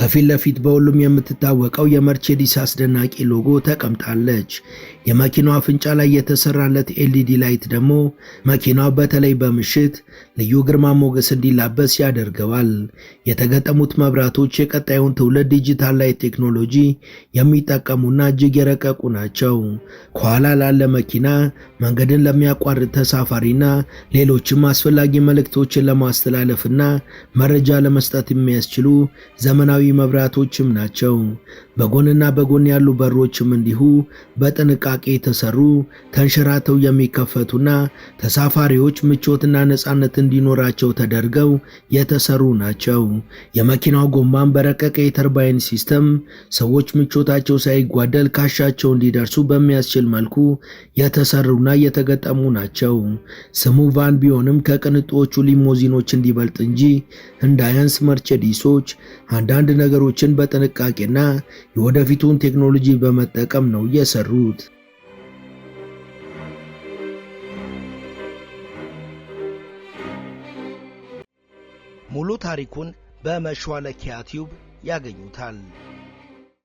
ከፊት ለፊት በሁሉም የምትታወቀው የመርቼዲስ አስደናቂ ሎጎ ተቀምጣለች። የመኪናው አፍንጫ ላይ የተሰራለት ኤልኢዲ ላይት ደግሞ መኪናው በተለይ በምሽት ልዩ ግርማ ሞገስ እንዲላበስ ያደርገዋል። የተገጠሙት መብራቶች የቀጣዩን ትውልድ ዲጂታል ላይት ቴክኖሎጂ የሚጠቀሙና እጅግ የረቀቁ ናቸው። ከኋላ ላለ መኪና፣ መንገድን ለሚያቋርጥ ተሳፋሪና ሌሎችም አስፈላጊ መልእክቶችን ለማስተላለፍና መረጃ ለመስጠት የሚያስችሉ ዘመናዊ ሰማያዊ መብራቶችም ናቸው። በጎንና በጎን ያሉ በሮችም እንዲሁ በጥንቃቄ የተሰሩ ተንሸራተው የሚከፈቱና ተሳፋሪዎች ምቾትና ነፃነት እንዲኖራቸው ተደርገው የተሰሩ ናቸው። የመኪናው ጎማም በረቀቀ የተርባይን ሲስተም ሰዎች ምቾታቸው ሳይጓደል ካሻቸው እንዲደርሱ በሚያስችል መልኩ የተሰሩና የተገጠሙ ናቸው። ስሙ ቫን ቢሆንም ከቅንጦቹ ሊሞዚኖች እንዲበልጥ እንጂ እንዳያንስ መርቼዲሶች አንዳንድ ነገሮችን በጥንቃቄና የወደፊቱን ቴክኖሎጂ በመጠቀም ነው የሰሩት። ሙሉ ታሪኩን በመሿለኪያ ቲዩብ ያገኙታል።